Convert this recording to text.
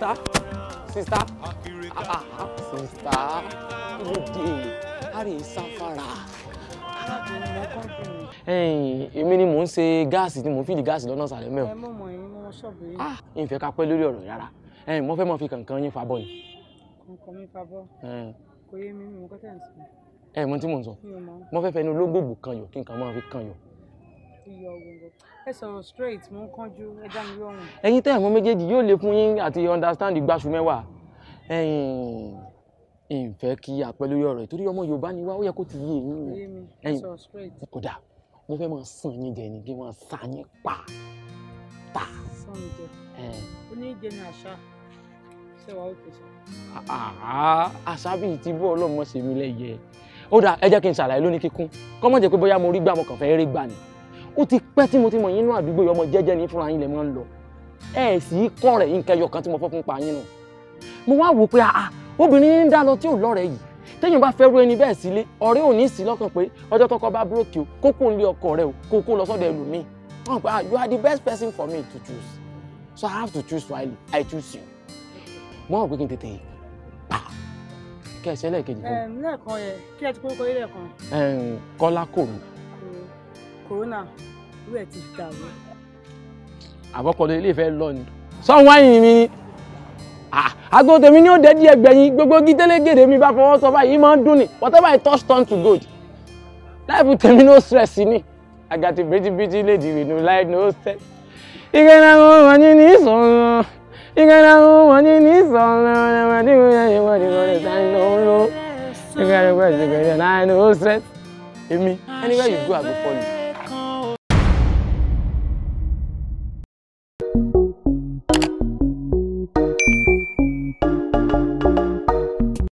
sista sista ah ah sista lóde àrè sáfàrà. èmi ni mò ń ṣe gáàsì tí mò ń fìdí gáàsì lọ́nà ìsàlẹ̀ mẹ́wọ̀n. ẹ mọ̀ mọ̀ yín mọ́ ṣọ́ọ̀bù yín. ah ìfẹ́ ká pẹ́ lórí ọ̀rọ̀ rárá mo fẹ́ mọ̀ fi kànkan yín fa bọ́ ni. kànkan mi fa bọ́ kò yé mi mi ò kọ́tà ń sọ. ẹ mo ti mò ń sọ mo fẹ́ fẹ́ inú lógbòbù kan yọ kí nǹkan máa fi kan yọ ẹ straight mo ń kánjú ẹ dá mi lóhùn. ẹ̀yin tẹ́ ẹ̀gbọ́n méjèèjì yóò lè fún yín àti understand gbàṣù mẹ́wàá ẹ̀yin ìfẹ́ kí apẹ́ lórí ọ̀rọ̀ ìtorí ọmọ yorùbá ni wá ó yẹ kó ti yé yín o ẹ̀yin kódà mo fẹ́ máa sàn yín jẹ ni kí wọ́n sà yín pa ta. sàn yín jẹ oníjẹ ni àṣà ṣe wà bíi ti bọ́ ọlọ́mọ ṣèmi lẹ́yẹ ó dà ẹ jẹ́ kí n ṣàlàyé lónìí kíkún kọ́mọ̀jẹ̀ pé bóyá mo rí gbà mo fẹ́ rí gbà ni ó ti pẹ́ tí mo ti mọ̀ yín nínú àdúgbò yìí ọmọ jẹ́jẹ́ ní fúnra yín lè máa ń lọ ẹ sì í kọ́ rẹ̀ yín kẹyọ kan tí mo fẹ́ fún pa yín nù. mo wá wò pé àà obìnrin ń dá lọ tí ò lọ́rẹ̀ yìí téèyàn bá fẹ́ rú ẹni bẹ́ẹ̀ sílé ọ̀rẹ́ ò ní sí lọ́kàn pé ọjọ́ tọkọ bá búròkì o kó kó ń lé ọkọ rẹ o kó kó lọ sọ́dọ̀ ẹlòmíì wọn pe ah, you are the best person for me to choose so I have to choose wisely I choose you mo hàn pé kí n tètè pa kẹsẹ̀ lẹ́ẹ̀kejì. lẹ́ẹ̀kan yẹn kí ẹ ti kórúkọ yín lẹ́ẹ̀kan. kọ́lá kòrò corona irú ẹ̀ ti dàrú. àbọ̀kọ̀dọ̀ ilé ìfẹ́ lọ ni sọ́wọ́n àyìn mi ni àgbo tèmi ni ó dẹ́dí ẹgbẹ̀yìn gbogbo gídélégèdè mi bá fọwọ́ sọ báyìí máa ń dùn ni whatever I touch turn to gold láìpẹ́ tèmi ní ó stress ni àgàtì bírítíbítí lè dìrì nù láì ní ó stress. ìgbẹ́nà wọn ni ní ìsọ̀rọ̀ ìgbẹ́nà wọn ni ní ìsọ̀rọ̀ ẹ̀wọ̀n ní ìwé ẹ̀yìn wọn ni wọ́n lè sáyẹn lọ́wọ́ lọ́wọ́ ìgbẹ́nà wọn ni ní ìsọ̀rọ̀ ẹ̀wọ̀n ní ìwé ẹ̀yìn wọn ni wọ́n lè sáyẹn lọ́wọ́ lọ́wọ́ Èmi, anywhere you go, I go follow you.